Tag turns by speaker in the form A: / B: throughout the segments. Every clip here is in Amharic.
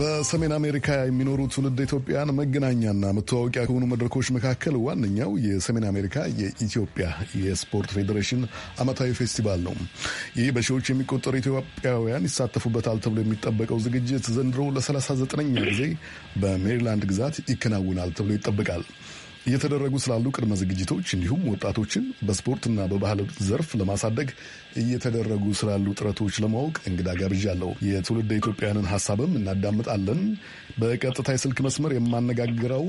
A: በሰሜን አሜሪካ የሚኖሩ ትውልድ ኢትዮጵያን መገናኛና መተዋወቂያ ከሆኑ መድረኮች መካከል ዋነኛው የሰሜን አሜሪካ የኢትዮጵያ የስፖርት ፌዴሬሽን ዓመታዊ ፌስቲቫል ነው። ይህ በሺዎች የሚቆጠሩ ኢትዮጵያውያን ይሳተፉበታል ተብሎ የሚጠበቀው ዝግጅት ዘንድሮ ለ39ኛ ጊዜ በሜሪላንድ ግዛት ይከናውናል ተብሎ ይጠበቃል። እየተደረጉ ስላሉ ቅድመ ዝግጅቶች እንዲሁም ወጣቶችን በስፖርትና በባህል ዘርፍ ለማሳደግ እየተደረጉ ስላሉ ጥረቶች ለማወቅ እንግዳ ጋብዣለሁ። የትውልደ ኢትዮጵያውያንን ሀሳብም እናዳምጣለን። በቀጥታ የስልክ መስመር የማነጋግረው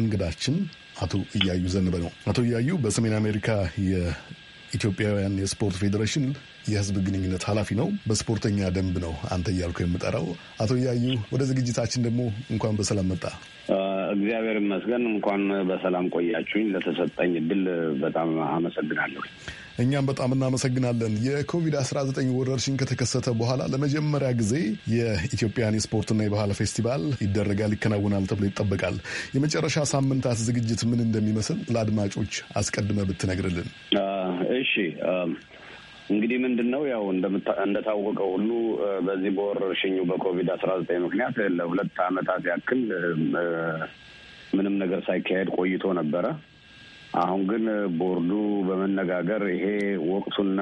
A: እንግዳችን አቶ እያዩ ዘንበ ነው። አቶ እያዩ በሰሜን አሜሪካ የኢትዮጵያውያን የስፖርት ፌዴሬሽን የህዝብ ግንኙነት ኃላፊ ነው። በስፖርተኛ ደንብ ነው አንተ እያልኩ የምጠራው። አቶ እያዩ ወደ ዝግጅታችን ደግሞ እንኳን በሰላም መጣ።
B: እግዚአብሔር ይመስገን። እንኳን በሰላም ቆያችሁኝ። ለተሰጠኝ እድል በጣም አመሰግናለሁ።
A: እኛም በጣም እናመሰግናለን። የኮቪድ-19 ወረርሽኝ ከተከሰተ በኋላ ለመጀመሪያ ጊዜ የኢትዮጵያን የስፖርትና የባህል ፌስቲቫል ይደረጋል፣ ይከናወናል ተብሎ ይጠበቃል። የመጨረሻ ሳምንታት ዝግጅት ምን እንደሚመስል ለአድማጮች አስቀድመ ብትነግርልን።
B: እሺ እንግዲህ ምንድን ነው ያው እንደታወቀው ሁሉ በዚህ በወረርሽኙ በኮቪድ አስራ ዘጠኝ ምክንያት ለሁለት ዓመታት ያክል ምንም ነገር ሳይካሄድ ቆይቶ ነበረ። አሁን ግን ቦርዱ በመነጋገር ይሄ ወቅቱና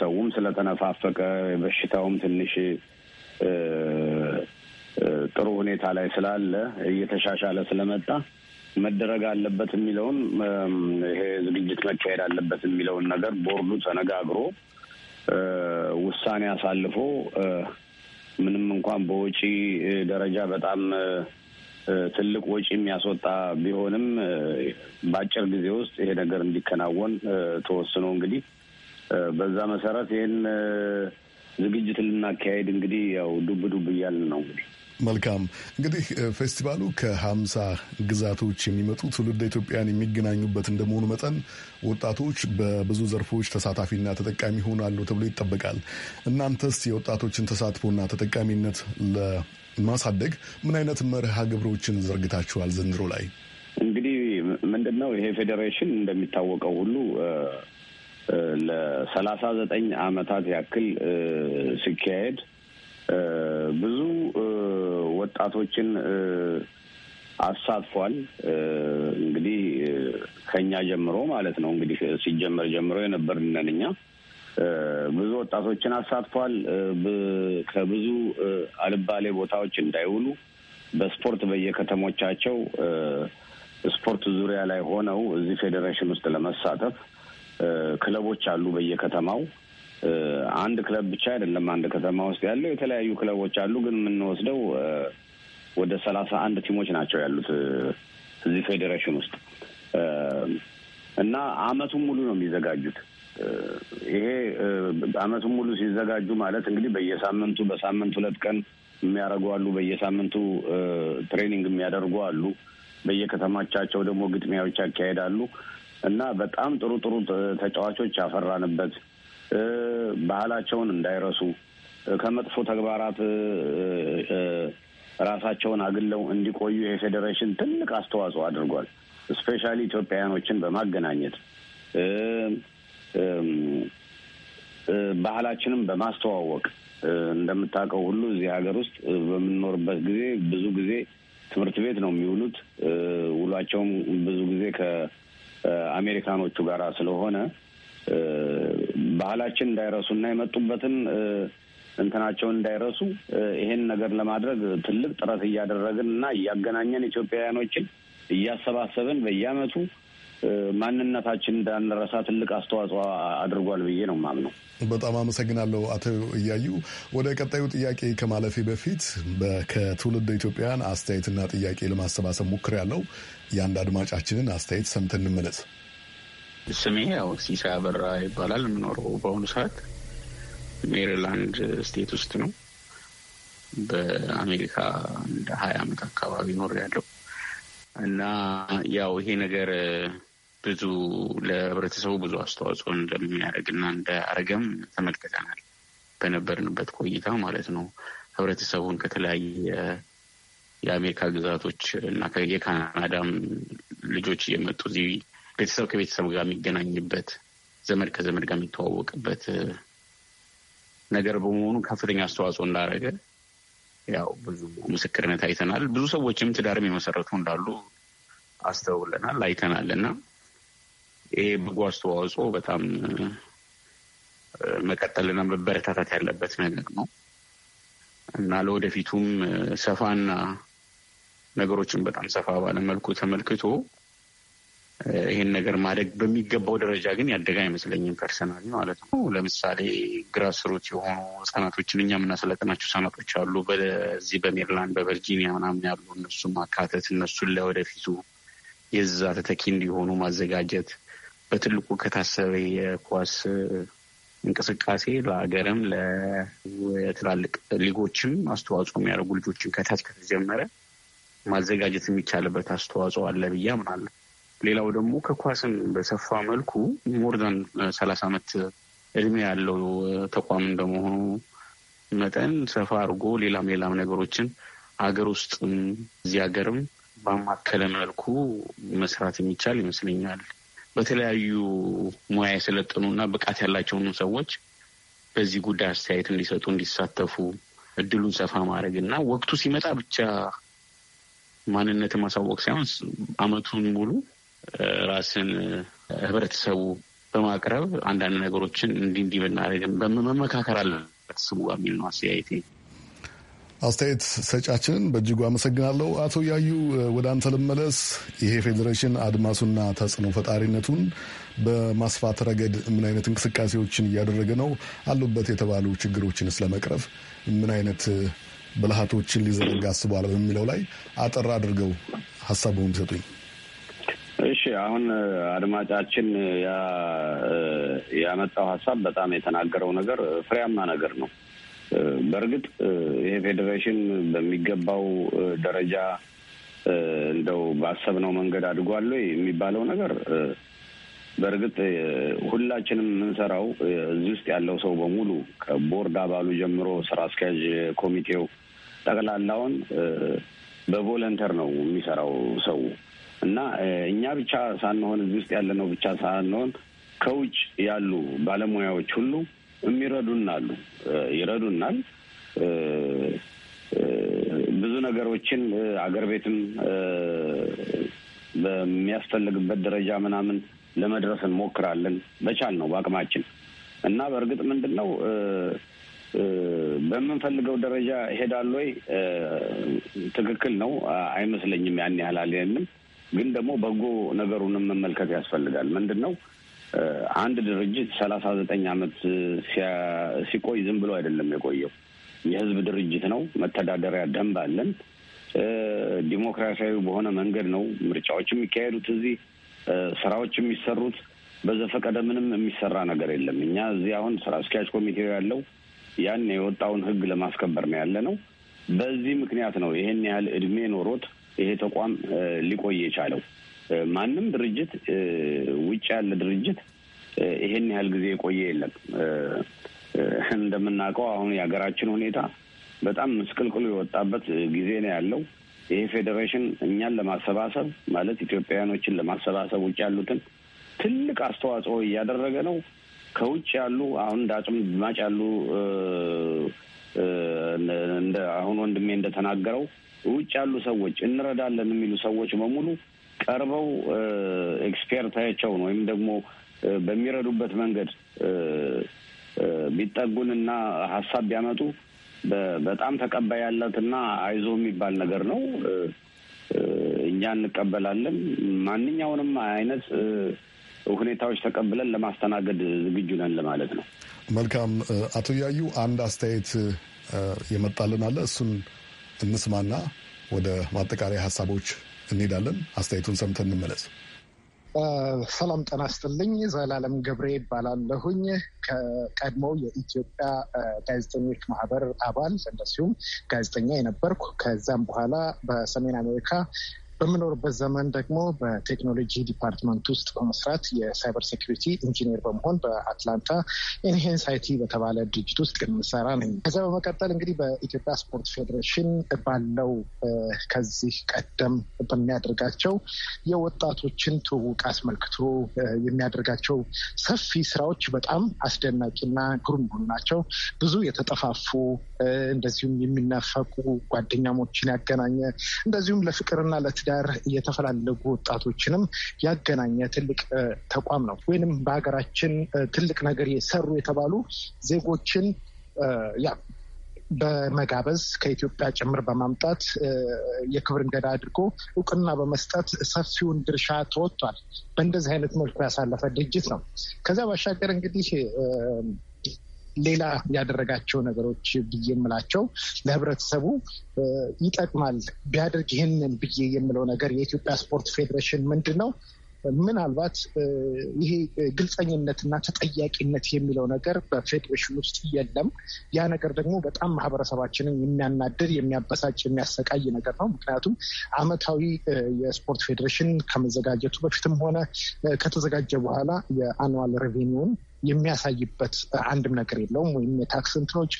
B: ሰውም ስለተነፋፈቀ በሽታውም ትንሽ ጥሩ ሁኔታ ላይ ስላለ እየተሻሻለ ስለመጣ መደረግ አለበት የሚለውን ይሄ ዝግጅት መካሄድ አለበት የሚለውን ነገር ቦርዱ ተነጋግሮ ውሳኔ አሳልፎ ምንም እንኳን በወጪ ደረጃ በጣም ትልቅ ወጪ የሚያስወጣ ቢሆንም በአጭር ጊዜ ውስጥ ይሄ ነገር እንዲከናወን ተወስኖ እንግዲህ በዛ መሰረት ይህን ዝግጅት ልናካሄድ እንግዲህ ያው ዱብ ዱብ እያልን ነው እንግዲህ
A: መልካም እንግዲህ ፌስቲቫሉ ከሀምሳ ግዛቶች የሚመጡ ትውልድ ኢትዮጵያን የሚገናኙበት እንደመሆኑ መጠን ወጣቶች በብዙ ዘርፎች ተሳታፊና ተጠቃሚ ይሆናሉ ተብሎ ይጠበቃል። እናንተስ የወጣቶችን ተሳትፎና ተጠቃሚነት ለማሳደግ ምን አይነት መርሃ ግብሮችን ዘርግታችኋል ዘንድሮ ላይ?
B: እንግዲህ ምንድን ነው ይሄ ፌዴሬሽን እንደሚታወቀው ሁሉ ለሰላሳ ዘጠኝ አመታት ያክል ሲካሄድ ብዙ ወጣቶችን አሳትፏል። እንግዲህ ከኛ ጀምሮ ማለት ነው እንግዲህ ሲጀመር ጀምሮ የነበርነን እኛ ብዙ ወጣቶችን አሳትፏል። ከብዙ አልባሌ ቦታዎች እንዳይውሉ በስፖርት በየከተሞቻቸው ስፖርት ዙሪያ ላይ ሆነው እዚህ ፌዴሬሽን ውስጥ ለመሳተፍ ክለቦች አሉ በየከተማው አንድ ክለብ ብቻ አይደለም። አንድ ከተማ ውስጥ ያለው የተለያዩ ክለቦች አሉ። ግን የምንወስደው ወደ ሰላሳ አንድ ቲሞች ናቸው ያሉት እዚህ ፌዴሬሽን ውስጥ እና አመቱን ሙሉ ነው የሚዘጋጁት። ይሄ አመቱን ሙሉ ሲዘጋጁ ማለት እንግዲህ በየሳምንቱ በሳምንት ሁለት ቀን የሚያደርጉ አሉ። በየሳምንቱ ትሬኒንግ የሚያደርጉ አሉ። በየከተማቻቸው ደግሞ ግጥሚያዎች ያካሄዳሉ እና በጣም ጥሩ ጥሩ ተጫዋቾች ያፈራንበት ባህላቸውን እንዳይረሱ ከመጥፎ ተግባራት ራሳቸውን አግለው እንዲቆዩ ይሄ ፌዴሬሽን ትልቅ አስተዋጽኦ አድርጓል። ስፔሻሊ ኢትዮጵያውያኖችን በማገናኘት ባህላችንም በማስተዋወቅ እንደምታውቀው ሁሉ እዚህ ሀገር ውስጥ በምንኖርበት ጊዜ ብዙ ጊዜ ትምህርት ቤት ነው የሚውሉት። ውሏቸውም ብዙ ጊዜ ከአሜሪካኖቹ ጋር ስለሆነ ባህላችን እንዳይረሱ እና የመጡበትን እንትናቸውን እንዳይረሱ ይሄን ነገር ለማድረግ ትልቅ ጥረት እያደረግን እና እያገናኘን ኢትዮጵያውያኖችን እያሰባሰብን በየአመቱ ማንነታችን እንዳንረሳ ትልቅ አስተዋጽኦ አድርጓል ብዬ ነው ማምነው።
A: በጣም አመሰግናለሁ አቶ እያዩ። ወደ ቀጣዩ ጥያቄ ከማለፌ በፊት ከትውልድ ኢትዮጵያውያን አስተያየትና ጥያቄ ለማሰባሰብ ሞክሬያለሁ። የአንድ አድማጫችንን አስተያየት ሰምተን እንመለስ።
C: ስሜ ያው ሲሳ አበራ ይባላል። የምኖረው በአሁኑ ሰዓት ሜሪላንድ ስቴት ውስጥ ነው። በአሜሪካ እንደ ሀያ ዓመት አካባቢ ኖር ያለው እና ያው ይሄ ነገር ብዙ ለህብረተሰቡ ብዙ አስተዋጽኦ እንደሚያደርግና እንዳያደርገም ተመልክተናል በነበርንበት ቆይታ ማለት ነው። ህብረተሰቡን ከተለያየ የአሜሪካ ግዛቶች እና የካናዳም ልጆች እየመጡ እዚህ ቤተሰብ ከቤተሰብ ጋር የሚገናኝበት፣ ዘመድ ከዘመድ ጋር የሚተዋወቅበት ነገር በመሆኑ ከፍተኛ አስተዋጽኦ እንዳደረገ ያው ብዙ ምስክርነት አይተናል። ብዙ ሰዎችም ትዳርም የመሰረቱ እንዳሉ አስተውለናል፣ አይተናል እና ይሄ በጎ አስተዋጽኦ በጣም መቀጠልና መበረታታት ያለበት ነገር ነው እና ለወደፊቱም ሰፋና ነገሮችን በጣም ሰፋ ባለመልኩ ተመልክቶ ይህን ነገር ማደግ በሚገባው ደረጃ ግን ያደገ አይመስለኝም፣ ፐርሰናል ማለት ነው። ለምሳሌ ግራስሩት የሆኑ ህጻናቶችን እኛ የምናሰለጥናቸው ህጻናቶች አሉ፣ በዚህ በሜሪላንድ በቨርጂኒያ ምናምን ያሉ እነሱ ማካተት፣ እነሱን ለወደፊቱ የዛ ተተኪ እንዲሆኑ ማዘጋጀት በትልቁ ከታሰበ የኳስ እንቅስቃሴ ለሀገርም ለትላልቅ ሊጎችም አስተዋጽኦ የሚያደርጉ ልጆችን ከታች ከተጀመረ ማዘጋጀት የሚቻልበት አስተዋጽኦ አለ ብዬ አምናለሁ። ሌላው ደግሞ ከኳስም በሰፋ መልኩ ሞር ሰላሳ ዓመት እድሜ ያለው ተቋም እንደመሆኑ መጠን ሰፋ አድርጎ ሌላም ሌላም ነገሮችን አገር ውስጥም እዚህ ሀገርም ባማከለ መልኩ መስራት የሚቻል ይመስለኛል። በተለያዩ ሙያ የሰለጠኑ እና ብቃት ያላቸውን ሰዎች በዚህ ጉዳይ አስተያየት እንዲሰጡ፣ እንዲሳተፉ እድሉን ሰፋ ማድረግ እና ወቅቱ ሲመጣ ብቻ ማንነትን ማሳወቅ ሳይሆን አመቱን ሙሉ ራስን ህብረተሰቡ በማቅረብ አንዳንድ ነገሮችን እንዲህ እንዲህ ብናደርግም አለበት ስሙ የሚል ነው አስተያየቴ።
A: አስተያየት ሰጫችንን በእጅጉ አመሰግናለሁ። አቶ ያዩ ወደ አንተ ልመለስ። ይሄ ፌዴሬሽን አድማሱና ተጽዕኖ ፈጣሪነቱን በማስፋት ረገድ ምን አይነት እንቅስቃሴዎችን እያደረገ ነው? አሉበት የተባሉ ችግሮችን ስለመቅረፍ ምን አይነት ብልሃቶችን ሊዘረጋ አስበዋል በሚለው ላይ አጠር አድርገው ሀሳቡን ቢሰጡኝ።
B: እሺ አሁን አድማጫችን ያመጣው ሀሳብ በጣም የተናገረው ነገር ፍሬያማ ነገር ነው። በእርግጥ ይሄ ፌዴሬሽን በሚገባው ደረጃ እንደው ባሰብነው መንገድ አድጓል የሚባለው ነገር በእርግጥ ሁላችንም የምንሰራው እዚህ ውስጥ ያለው ሰው በሙሉ ከቦርድ አባሉ ጀምሮ ስራ አስኪያጅ ኮሚቴው ጠቅላላውን በቮለንተር ነው የሚሰራው ሰው እና እኛ ብቻ ሳንሆን እዚህ ውስጥ ያለነው ብቻ ሳንሆን ከውጭ ያሉ ባለሙያዎች ሁሉ የሚረዱናሉ ይረዱናል። ብዙ ነገሮችን አገር ቤትም በሚያስፈልግበት ደረጃ ምናምን ለመድረስ እንሞክራለን በቻል ነው በአቅማችን እና በእርግጥ ምንድን ነው በምንፈልገው ደረጃ ሄዳል ወይ? ትክክል ነው አይመስለኝም። ያን ያህል አልንም። ግን ደግሞ በጎ ነገሩንም መመልከት ያስፈልጋል። ምንድን ነው አንድ ድርጅት ሰላሳ ዘጠኝ ዓመት ሲቆይ ዝም ብሎ አይደለም የቆየው። የህዝብ ድርጅት ነው። መተዳደሪያ ደንብ አለን። ዲሞክራሲያዊ በሆነ መንገድ ነው ምርጫዎች የሚካሄዱት። እዚህ ስራዎች የሚሰሩት በዘፈቀደ ምንም የሚሰራ ነገር የለም። እኛ እዚህ አሁን ስራ አስኪያጅ ኮሚቴው ያለው ያን የወጣውን ህግ ለማስከበር ነው ያለ ነው። በዚህ ምክንያት ነው ይሄን ያህል እድሜ ኖሮት ይሄ ተቋም ሊቆይ የቻለው። ማንም ድርጅት ውጭ ያለ ድርጅት ይሄን ያህል ጊዜ የቆየ የለም። እንደምናውቀው አሁን የሀገራችን ሁኔታ በጣም ምስቅልቅሉ የወጣበት ጊዜ ነው ያለው። ይሄ ፌዴሬሽን እኛን ለማሰባሰብ ማለት ኢትዮጵያውያኖችን ለማሰባሰብ ውጭ ያሉትን ትልቅ አስተዋጽኦ እያደረገ ነው። ከውጭ ያሉ አሁን እንደ አጽም ድማጭ ያሉ እንደ አሁን ወንድሜ እንደተናገረው ውጭ ያሉ ሰዎች እንረዳለን የሚሉ ሰዎች በሙሉ ቀርበው ኤክስፔርታቸውን ወይም ደግሞ በሚረዱበት መንገድ ቢጠጉን ሀሳብ ቢያመጡ በጣም ተቀባይ ያላት አይዞ የሚባል ነገር ነው። እኛ እንቀበላለን። ማንኛውንም አይነት ሁኔታዎች ተቀብለን ለማስተናገድ ዝግጁ ነን ለማለት ነው።
A: መልካም። አቶ ያዩ አንድ አስተያየት የመጣልን አለ እሱን እንስማና ወደ ማጠቃለያ ሀሳቦች እንሄዳለን። አስተያየቱን ሰምተን እንመለስ።
D: ሰላም ጤና ይስጥልኝ። ዘላለም ገብሬ ይባላለሁኝ። ከቀድሞ የኢትዮጵያ ጋዜጠኞች ማህበር አባል እንደዚሁም ጋዜጠኛ የነበርኩ ከዛም በኋላ በሰሜን አሜሪካ በምኖርበት ዘመን ደግሞ በቴክኖሎጂ ዲፓርትመንት ውስጥ በመስራት የሳይበር ሴኩሪቲ ኢንጂነር በመሆን በአትላንታ ኢንሄንስ አይቲ በተባለ ድርጅት ውስጥ የምሰራ ነኝ። ከዚያ በመቀጠል እንግዲህ በኢትዮጵያ ስፖርት ፌዴሬሽን ባለው ከዚህ ቀደም በሚያደርጋቸው የወጣቶችን ትውውቅ አስመልክቶ የሚያደርጋቸው ሰፊ ስራዎች በጣም አስደናቂና ግሩም ናቸው። ብዙ የተጠፋፉ እንደዚሁም የሚናፈቁ ጓደኛሞችን ያገናኘ እንደዚሁም ለፍቅርና ለት ጋር የተፈላለጉ ወጣቶችንም ያገናኘ ትልቅ ተቋም ነው። ወይንም በሀገራችን ትልቅ ነገር የሰሩ የተባሉ ዜጎችን በመጋበዝ ከኢትዮጵያ ጭምር በማምጣት የክብር እንግዳ አድርጎ እውቅና በመስጠት ሰፊውን ድርሻ ተወጥቷል። በእንደዚህ አይነት መልኩ ያሳለፈ ድርጅት ነው። ከዚያ ባሻገር እንግዲህ ሌላ ያደረጋቸው ነገሮች ብዬ የምላቸው ለህብረተሰቡ ይጠቅማል ቢያደርግ ይህንን ብዬ የምለው ነገር የኢትዮጵያ ስፖርት ፌዴሬሽን ምንድን ነው ምናልባት ይሄ ግልጸኝነትና ተጠያቂነት የሚለው ነገር በፌዴሬሽን ውስጥ የለም። ያ ነገር ደግሞ በጣም ማህበረሰባችንን የሚያናድድ፣ የሚያበሳጭ፣ የሚያሰቃይ ነገር ነው። ምክንያቱም አመታዊ የስፖርት ፌዴሬሽን ከመዘጋጀቱ በፊትም ሆነ ከተዘጋጀ በኋላ የአኑዋል ሬቬኒውን የሚያሳይበት አንድም ነገር የለውም። ወይም የታክስ እንትኖች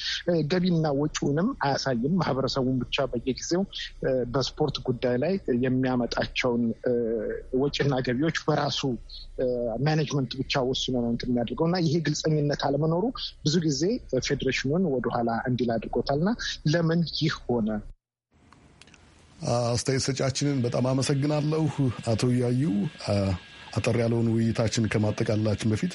D: ገቢና ወጪውንም አያሳይም። ማህበረሰቡን ብቻ በየጊዜው በስፖርት ጉዳይ ላይ የሚያመጣቸውን ወጪና ገቢዎች በራሱ ማኔጅመንት ብቻ ወስኖ ነው እንትን የሚያደርገው እና ይሄ ግልጸኝነት አለመኖሩ ብዙ ጊዜ ፌዴሬሽኑን ወደኋላ እንዲል አድርጎታል እና ለምን ይህ ሆነ?
A: አስተያየት ሰጫችንን በጣም አመሰግናለሁ። አቶ እያዩ አጠር ያለውን ውይይታችን ከማጠቃላችን በፊት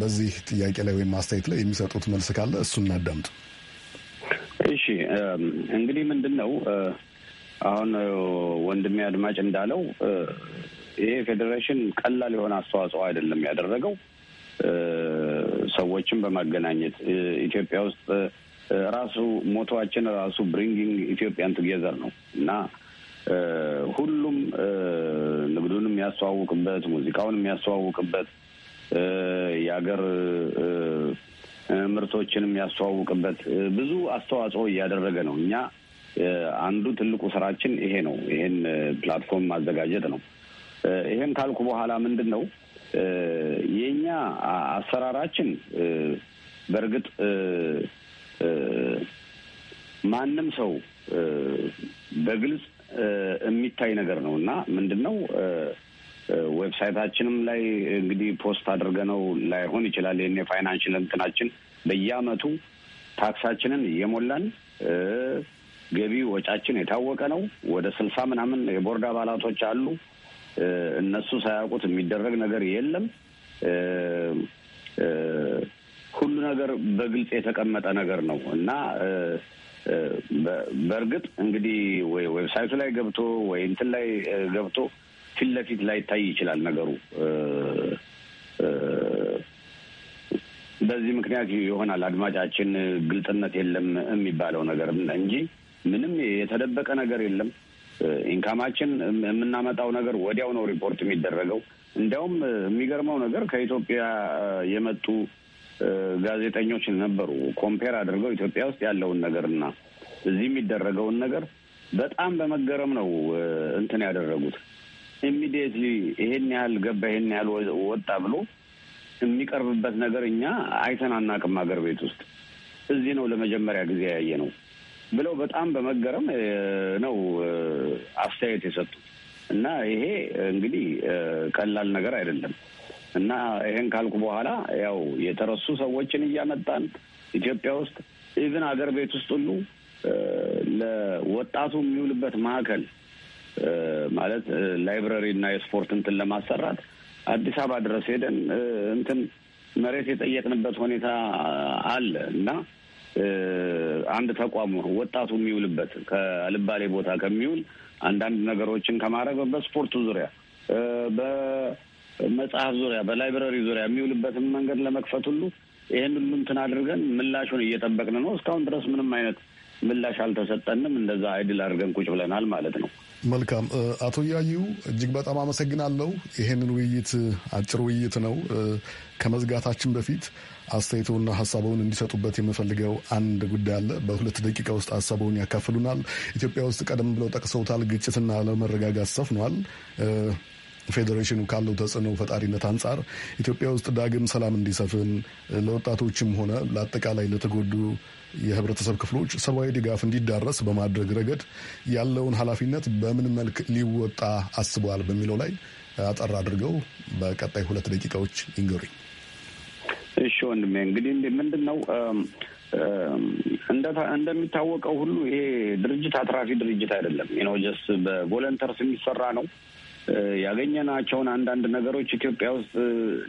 A: በዚህ ጥያቄ ላይ ወይም አስተያየት ላይ የሚሰጡት መልስ ካለ እሱ እናዳምጥ።
B: እሺ እንግዲህ ምንድን ነው አሁን ወንድሜ አድማጭ እንዳለው ይሄ ፌዴሬሽን ቀላል የሆነ አስተዋጽኦ አይደለም ያደረገው ሰዎችን በማገናኘት ኢትዮጵያ ውስጥ ራሱ ሞቷችን ራሱ ብሪንጊንግ ኢትዮጵያን ቱጌዘር ነው እና ሁሉም ንግዱን የሚያስተዋውቅበት፣ ሙዚቃውን የሚያስተዋውቅበት፣ የአገር ምርቶችን የሚያስተዋውቅበት ብዙ አስተዋጽኦ እያደረገ ነው። እኛ አንዱ ትልቁ ስራችን ይሄ ነው። ይሄን ፕላትፎርም ማዘጋጀት ነው። ይሄን ካልኩ በኋላ ምንድን ነው የእኛ አሰራራችን በእርግጥ ማንም ሰው በግልጽ የሚታይ ነገር ነው እና ምንድን ነው ዌብሳይታችንም ላይ እንግዲህ ፖስት ነው ላይሆን ይችላል። ይህን የፋይናንሽል እንትናችን በየአመቱ ታክሳችንን እየሞላን ገቢ ወጫችን የታወቀ ነው። ወደ ስልሳ ምናምን የቦርድ አባላቶች አሉ። እነሱ ሳያውቁት የሚደረግ ነገር የለም። ሁሉ ነገር በግልጽ የተቀመጠ ነገር ነው እና በእርግጥ እንግዲህ ወይ ዌብሳይቱ ላይ ገብቶ ወይ እንትን ላይ ገብቶ ፊት ለፊት ላይታይ ይችላል ነገሩ። በዚህ ምክንያት ይሆናል አድማጫችን ግልጽነት የለም የሚባለው ነገር እንጂ ምንም የተደበቀ ነገር የለም። ኢንካማችን የምናመጣው ነገር ወዲያው ነው ሪፖርት የሚደረገው። እንዲያውም የሚገርመው ነገር ከኢትዮጵያ የመጡ ጋዜጠኞች ነበሩ። ኮምፔር አድርገው ኢትዮጵያ ውስጥ ያለውን ነገርና እዚህ የሚደረገውን ነገር በጣም በመገረም ነው እንትን ያደረጉት። ኢሚዲየትሊ ይሄን ያህል ገባ ይሄን ያህል ወጣ ብሎ የሚቀርብበት ነገር እኛ አይተን አናቅም ሀገር ቤት ውስጥ እዚህ ነው ለመጀመሪያ ጊዜ ያየ ነው ብለው በጣም በመገረም ነው አስተያየት የሰጡት እና ይሄ እንግዲህ ቀላል ነገር አይደለም። እና ይሄን ካልኩ በኋላ ያው የተረሱ ሰዎችን እያመጣን ኢትዮጵያ ውስጥ ኢቭን አገር ቤት ውስጥ ሁሉ ለወጣቱ የሚውልበት ማዕከል ማለት ላይብረሪ እና የስፖርት እንትን ለማሰራት አዲስ አበባ ድረስ ሄደን እንትን መሬት የጠየቅንበት ሁኔታ አለ እና አንድ ተቋም ወጣቱ የሚውልበት ከልባሌ ቦታ ከሚውል አንዳንድ ነገሮችን ከማድረግ በስፖርቱ ዙሪያ በመጽሐፍ ዙሪያ በላይብረሪ ዙሪያ የሚውልበትን መንገድ ለመክፈት ሁሉ ይህን ሁሉ እንትን አድርገን ምላሹን እየጠበቅን ነው። እስካሁን ድረስ ምንም አይነት ምላሽ አልተሰጠንም። እንደዛ አይድል አድርገን ቁጭ ብለናል ማለት
A: ነው። መልካም አቶ ያዩ እጅግ በጣም አመሰግናለሁ። ይህንን ውይይት አጭር ውይይት ነው። ከመዝጋታችን በፊት አስተያየተውና ሀሳበውን እንዲሰጡበት የምፈልገው አንድ ጉዳይ አለ። በሁለት ደቂቃ ውስጥ ሀሳበውን ያካፍሉናል። ኢትዮጵያ ውስጥ ቀደም ብለው ጠቅሰውታል፣ ግጭትና ለመረጋጋት ሰፍኗል። ፌዴሬሽኑ ካለው ተጽዕኖ ፈጣሪነት አንጻር ኢትዮጵያ ውስጥ ዳግም ሰላም እንዲሰፍን ለወጣቶችም ሆነ ለአጠቃላይ ለተጎዱ የህብረተሰብ ክፍሎች ሰብአዊ ድጋፍ እንዲዳረስ በማድረግ ረገድ ያለውን ኃላፊነት በምን መልክ ሊወጣ አስበዋል በሚለው ላይ አጠር አድርገው በቀጣይ ሁለት ደቂቃዎች ይንገሩኝ።
B: እሺ ወንድሜ፣ እንግዲህ ምንድን ነው እንደሚታወቀው ሁሉ ይሄ ድርጅት አትራፊ ድርጅት አይደለም። ኖ በቮለንተርስ የሚሰራ ነው። ያገኘናቸውን አንዳንድ ነገሮች ኢትዮጵያ ውስጥ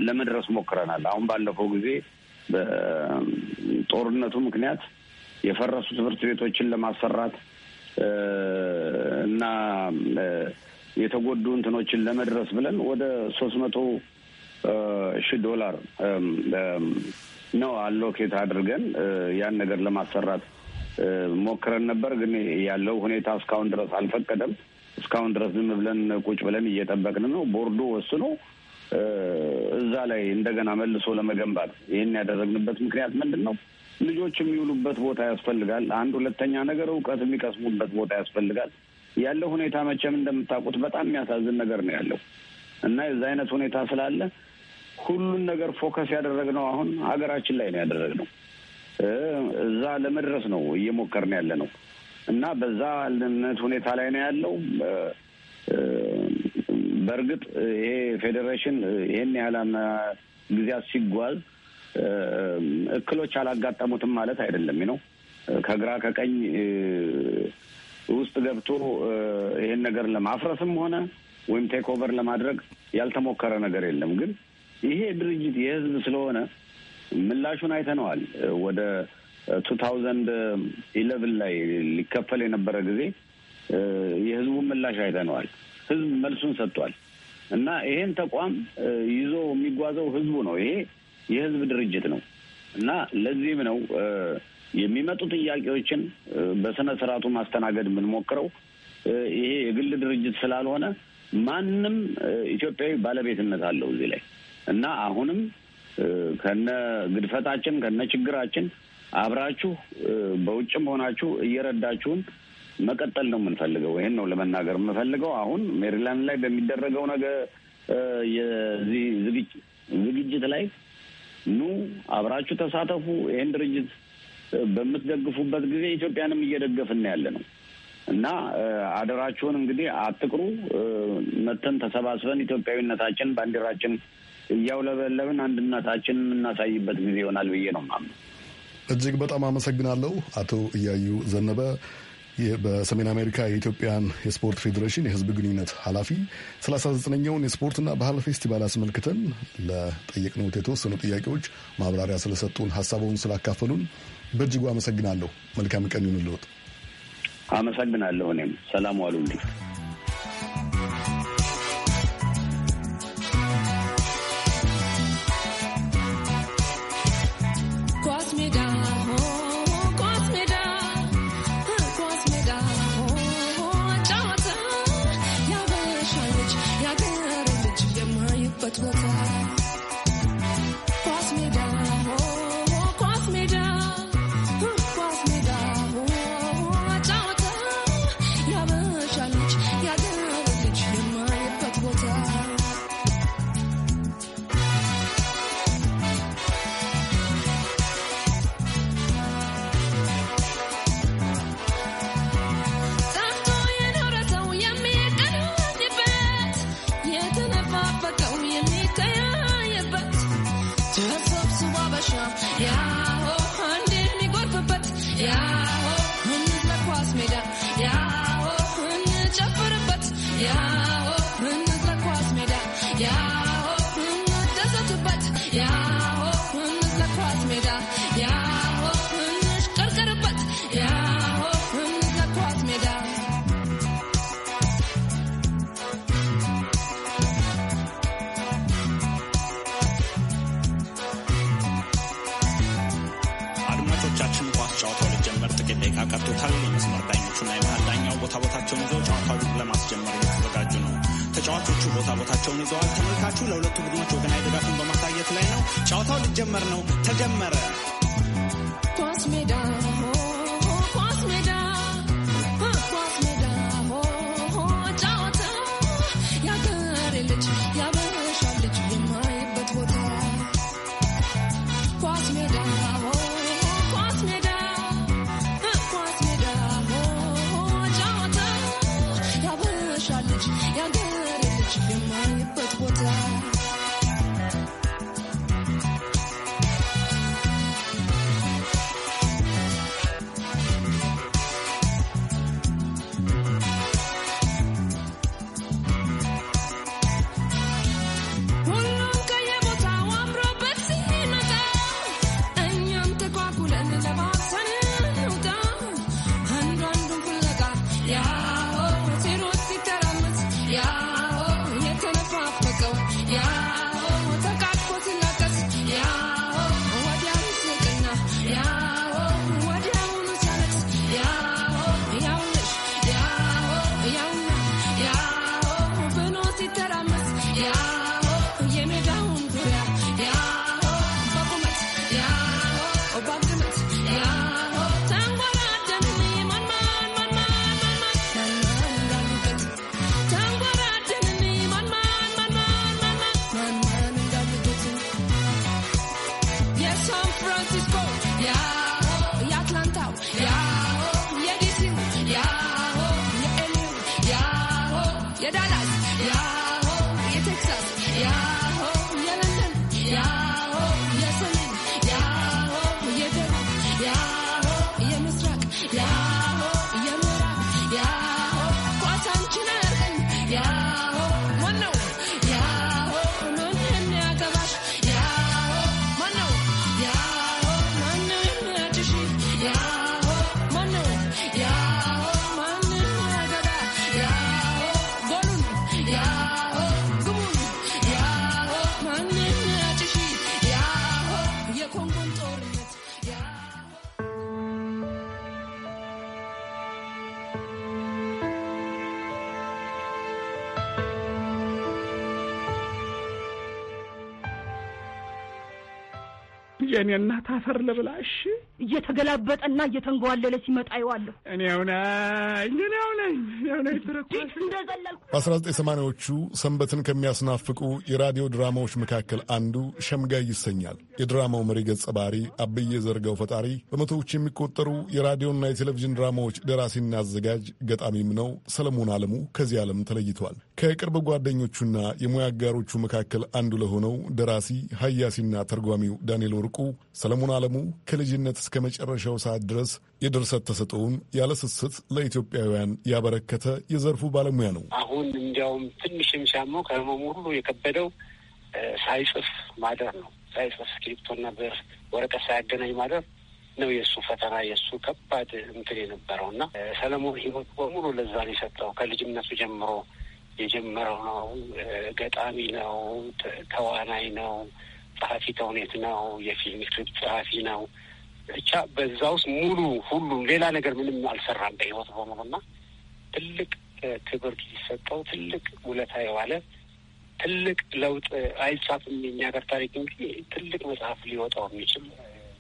B: ለመድረስ ሞክረናል። አሁን ባለፈው ጊዜ በጦርነቱ ምክንያት የፈረሱ ትምህርት ቤቶችን ለማሰራት እና የተጎዱ እንትኖችን ለመድረስ ብለን ወደ ሶስት መቶ ሺህ ዶላር ነው አሎኬት አድርገን ያን ነገር ለማሰራት ሞክረን ነበር። ግን ያለው ሁኔታ እስካሁን ድረስ አልፈቀደም። እስካሁን ድረስ ዝም ብለን ቁጭ ብለን እየጠበቅን ነው። ቦርዱ ወስኖ እዛ ላይ እንደገና መልሶ ለመገንባት ይህን ያደረግንበት ምክንያት ምንድን ነው? ልጆች የሚውሉበት ቦታ ያስፈልጋል። አንድ ሁለተኛ ነገር እውቀት የሚቀስሙበት ቦታ ያስፈልጋል። ያለው ሁኔታ መቼም እንደምታውቁት በጣም የሚያሳዝን ነገር ነው ያለው እና የዛ አይነት ሁኔታ ስላለ ሁሉን ነገር ፎከስ ያደረግነው አሁን ሀገራችን ላይ ነው ያደረግነው። እዛ ለመድረስ ነው እየሞከርን ያለ ነው። እና በዛ ያለነት ሁኔታ ላይ ነው ያለው። በእርግጥ ይሄ ፌዴሬሽን ይህን ያህል ጊዜያት ሲጓዝ እክሎች አላጋጠሙትም ማለት አይደለም ነው ከግራ ከቀኝ ውስጥ ገብቶ ይህን ነገር ለማፍረስም ሆነ ወይም ቴክ ኦቨር ለማድረግ ያልተሞከረ ነገር የለም። ግን ይሄ ድርጅት የህዝብ ስለሆነ ምላሹን አይተነዋል። ወደ ቱ ታውዘንድ ኢለቭን ላይ ሊከፈል የነበረ ጊዜ የህዝቡን ምላሽ አይተነዋል። ህዝብ መልሱን ሰጥቷል እና ይሄን ተቋም ይዞ የሚጓዘው ህዝቡ ነው። ይሄ የህዝብ ድርጅት ነው እና ለዚህም ነው የሚመጡ ጥያቄዎችን በስነ ስርዓቱ ማስተናገድ የምንሞክረው። ይሄ የግል ድርጅት ስላልሆነ ማንም ኢትዮጵያዊ ባለቤትነት አለው እዚህ ላይ እና አሁንም ከነ ግድፈታችን ከነ ችግራችን አብራችሁ በውጭም ሆናችሁ እየረዳችሁን መቀጠል ነው የምንፈልገው። ይህን ነው ለመናገር የምንፈልገው። አሁን ሜሪላንድ ላይ በሚደረገው ነገ የዚህ ዝግጅት ላይ ኑ አብራችሁ ተሳተፉ። ይህን ድርጅት በምትደግፉበት ጊዜ ኢትዮጵያንም እየደገፍን ያለ ነው እና አደራችሁን እንግዲህ አትቅሩ። መተን ተሰባስበን ኢትዮጵያዊነታችን ባንዲራችን እያውለበለብን አንድነታችን የምናሳይበት ጊዜ ይሆናል ብዬ ነው ማምነው።
A: እጅግ በጣም አመሰግናለሁ አቶ እያዩ ዘነበ በሰሜን አሜሪካ የኢትዮጵያን የስፖርት ፌዴሬሽን የህዝብ ግንኙነት ኃላፊ 39ኛውን የስፖርትና ባህል ፌስቲቫል አስመልክተን ለጠየቅነው የተወሰኑ ጥያቄዎች ማብራሪያ ስለሰጡን፣ ሀሳቡን ስላካፈሉን በእጅጉ አመሰግናለሁ። መልካም ቀን ይሁንልዎት።
B: አመሰግናለሁ። እኔም ሰላም ዋሉልኝ። መስመር ዳኞቹና የመሀል ዳኛው ቦታ ቦታቸውን ይዘው ጨዋታውን ለማስጀመር እየተዘጋጁ ነው። ተጫዋቾቹ ቦታ ቦታቸውን ይዘዋል። ተመልካቹ ለሁለቱ ቡድኖች ወገናዊ ድጋፉን በማሳየት ላይ ነው። ጨዋታው ሊጀመር ነው። ተጀመረ ኳስ ሜዳ እናት አፈር ልብላሽ እየተገላበጠና እየተንገዋለለ ሲመጣ ይዋለሁ እኔ ሁናኝ እኔ ሁናኝ በአስራ
A: ዘጠኝ ሰማንያዎቹ ሰንበትን ከሚያስናፍቁ የራዲዮ ድራማዎች መካከል አንዱ ሸምጋይ ይሰኛል። የድራማው መሪ ገጸ ባህሪ አብዬ ዘርጋው ፈጣሪ በመቶዎች የሚቆጠሩ የራዲዮና የቴሌቪዥን ድራማዎች ደራሲና አዘጋጅ ገጣሚም ነው። ሰለሞን አለሙ ከዚህ ዓለም ተለይቷል። ከቅርብ ጓደኞቹና የሙያ አጋሮቹ መካከል አንዱ ለሆነው ደራሲ ሀያሲና ተርጓሚው ዳንኤል ወርቁ ሰለሞን ዓለሙ ከልጅነት እስከ መጨረሻው ሰዓት ድረስ የድርሰት ተሰጠውን ያለ ስስት ለኢትዮጵያውያን ያበረከተ የዘርፉ ባለሙያ ነው።
E: አሁን እንዲያውም ትንሽ የሚሻመው ከህመሙ ሁሉ የከበደው ሳይጽፍ ማደር ነው። ሳይጽፍ እስክሪብቶና ብዕር ወረቀት ሳያገናኝ ማደር ነው የእሱ ፈተና፣ የእሱ ከባድ እንትን የነበረው እና ሰለሞን ህይወት በሙሉ ለዛ ነው የሰጠው። ከልጅነቱ ጀምሮ የጀመረው ነው። ገጣሚ ነው። ተዋናይ ነው። ጸሐፊ ተውኔት ነው፣ የፊልም ስክሪፕት ጸሐፊ ነው። ብቻ በዛ ውስጥ ሙሉ ሁሉም ሌላ ነገር ምንም አልሰራም በህይወት በሙሉ እና ትልቅ ክብር ሊሰጠው ትልቅ ውለታ የዋለ ትልቅ ለውጥ አይጻፍም የሚያገር ታሪክ እንጂ ትልቅ መጽሐፍ ሊወጣው የሚችል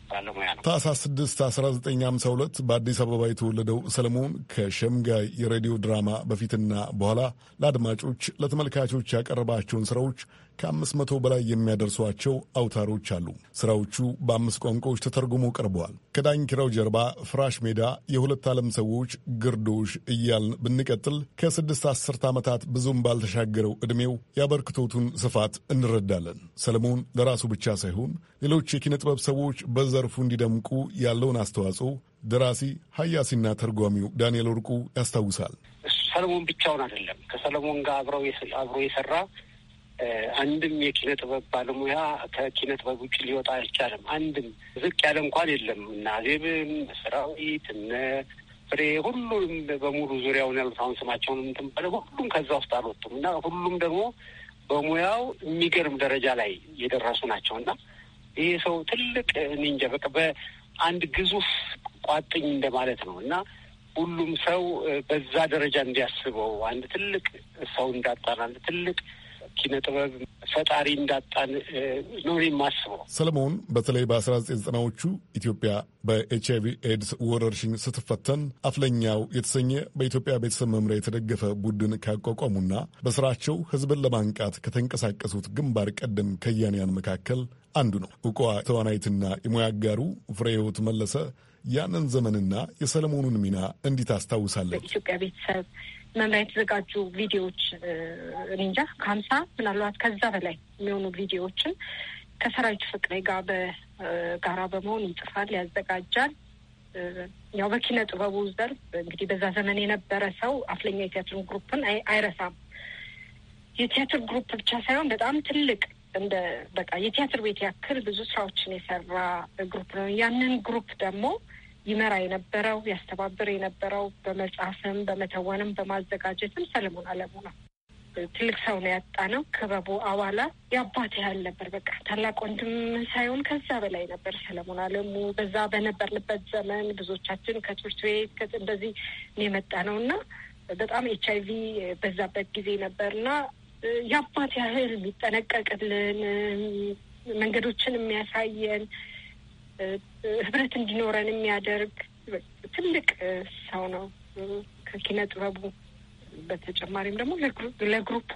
A: ባለሙያ ነው። ታህሳስ ስድስት አስራ ዘጠኝ ሁለት በአዲስ አበባ የተወለደው ሰለሞን ከሸምጋይ የሬዲዮ ድራማ በፊትና በኋላ ለአድማጮች ለተመልካቾች ያቀረባቸውን ስራዎች ከአምስት መቶ በላይ የሚያደርሷቸው አውታሮች አሉ። ስራዎቹ በአምስት ቋንቋዎች ተተርጉሞ ቀርበዋል። ከዳንኪራው ጀርባ፣ ፍራሽ ሜዳ፣ የሁለት ዓለም ሰዎች፣ ግርዶሽ እያልን ብንቀጥል ከስድስት አስርት ዓመታት ብዙም ባልተሻገረው ዕድሜው ያበርክቶቱን ስፋት እንረዳለን። ሰለሞን ለራሱ ብቻ ሳይሆን ሌሎች የኪነ ጥበብ ሰዎች በዘርፉ እንዲደምቁ ያለውን አስተዋጽኦ ደራሲ ሀያሲና ተርጓሚው ዳንኤል ወርቁ ያስታውሳል።
E: ሰለሞን ብቻውን አይደለም። ከሰለሞን ጋር አብሮ የሰራ አንድም የኪነ ጥበብ ባለሙያ ከኪነ ጥበብ ውጭ ሊወጣ አይቻልም። አንድም ዝቅ ያለ እንኳን የለም እና አዜብም ሰራዊት እነ ፍሬ ሁሉም በሙሉ ዙሪያውን ያሉት አሁን ስማቸውን እንትን ሁሉም ከዛ ውስጥ አልወጡም እና ሁሉም ደግሞ በሙያው የሚገርም ደረጃ ላይ የደረሱ ናቸው እና ይህ ሰው ትልቅ እንጃ በቃ በአንድ ግዙፍ ቋጥኝ እንደማለት ነው እና ሁሉም ሰው በዛ ደረጃ እንዲያስበው አንድ ትልቅ ሰው እንዳጣን አንድ ትልቅ ኪነ ጥበብ ፈጣሪ እንዳጣን ነው የማስበው።
A: ሰለሞን በተለይ በ1990ዎቹ ኢትዮጵያ በኤች አይቪ ኤድስ ወረርሽኝ ስትፈተን አፍለኛው የተሰኘ በኢትዮጵያ ቤተሰብ መምሪያ የተደገፈ ቡድን ካቋቋሙና በስራቸው ህዝብን ለማንቃት ከተንቀሳቀሱት ግንባር ቀደም ከያንያን መካከል አንዱ ነው። እቋ ተዋናይትና የሙያ አጋሩ ፍሬህይወት መለሰ ያንን ዘመንና የሰለሞኑን ሚና እንዲት አስታውሳለች
F: በኢትዮጵያ ቤተሰብ መምሪያ የተዘጋጁ ቪዲዮዎች እንጃ ከሀምሳ ምናልባት ከዛ በላይ የሚሆኑ ቪዲዮዎችን ከሰራዊት ፍቅሬ ጋር በጋራ በመሆን ይጽፋል፣ ያዘጋጃል። ያው በኪነ ጥበቡ ዘርፍ እንግዲህ በዛ ዘመን የነበረ ሰው አፍለኛ የቲያትር ግሩፕን አይረሳም። የቲያትር ግሩፕ ብቻ ሳይሆን በጣም ትልቅ እንደ በቃ የቲያትር ቤት ያክል ብዙ ስራዎችን የሰራ ግሩፕ ነው። ያንን ግሩፕ ደግሞ ይመራ የነበረው ያስተባብር የነበረው በመጽሐፍም በመተወንም በማዘጋጀትም ሰለሞን አለሙ ነው። ትልቅ ሰው ነው ያጣ ነው። ክበቡ አባላ የአባት ያህል ነበር። በቃ ታላቅ ወንድም ሳይሆን ከዛ በላይ ነበር ሰለሞን አለሙ። በዛ በነበርንበት ዘመን ብዙዎቻችን ከትምህርት ቤት እንደዚህ የመጣ ነው እና በጣም ኤች አይቪ በዛበት ጊዜ ነበርና የአባት ያህል የሚጠነቀቅልን መንገዶችን የሚያሳየን ህብረት እንዲኖረን የሚያደርግ ትልቅ ሰው ነው። ከኪነ ጥበቡ በተጨማሪም ደግሞ ለግሩፑ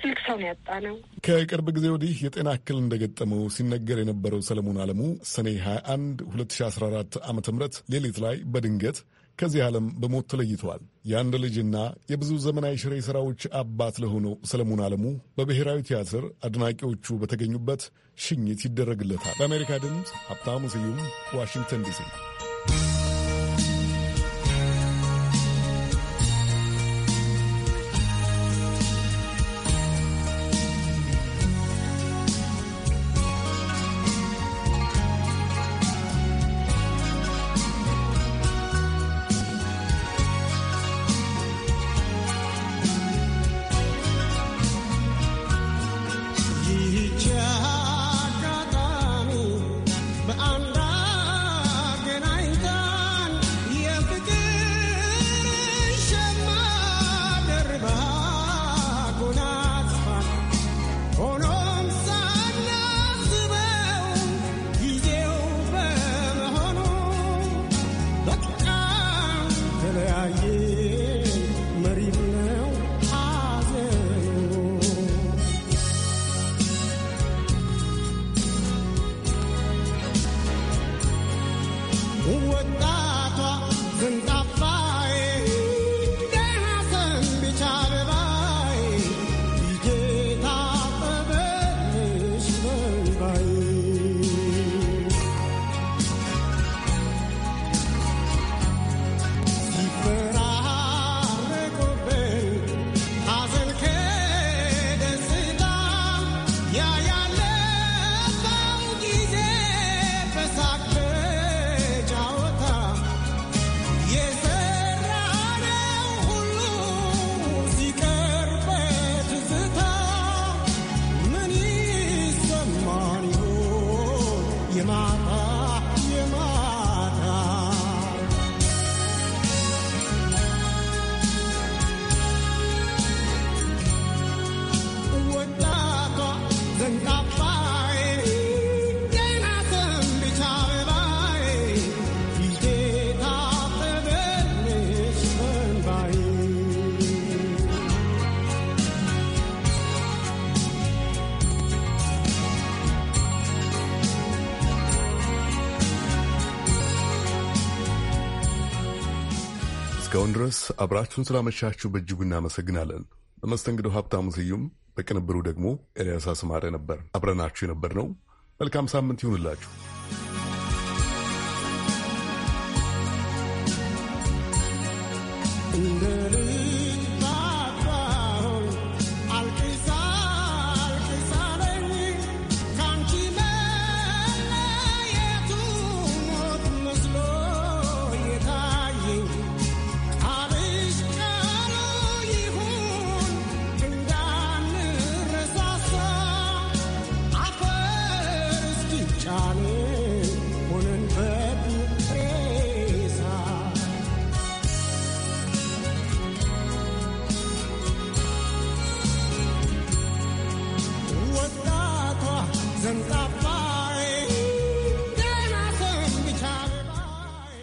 F: ትልቅ ሰው ነው ያጣ ነው።
A: ከቅርብ ጊዜ ወዲህ የጤና እክል እንደገጠመው ሲነገር የነበረው ሰለሞን አለሙ ሰኔ 21 2014 ዓ ም ሌሊት ላይ በድንገት ከዚህ ዓለም በሞት ተለይተዋል። የአንድ ልጅና የብዙ ዘመናዊ ሽሬ ሥራዎች አባት ለሆነው ሰለሞን ዓለሙ በብሔራዊ ቲያትር አድናቂዎቹ በተገኙበት ሽኝት ይደረግለታል። በአሜሪካ ድምፅ ሀብታሙ ስዩም ዋሽንግተን ዲሲ ድረስ አብራችሁን ስላመሻችሁ በእጅጉ እናመሰግናለን። በመስተንግዶ ሀብታሙ ስዩም፣ በቅንብሩ ደግሞ ኤልያስ አስማረ ነበር። አብረናችሁ የነበር ነው። መልካም ሳምንት ይሁንላችሁ።
G: እንደ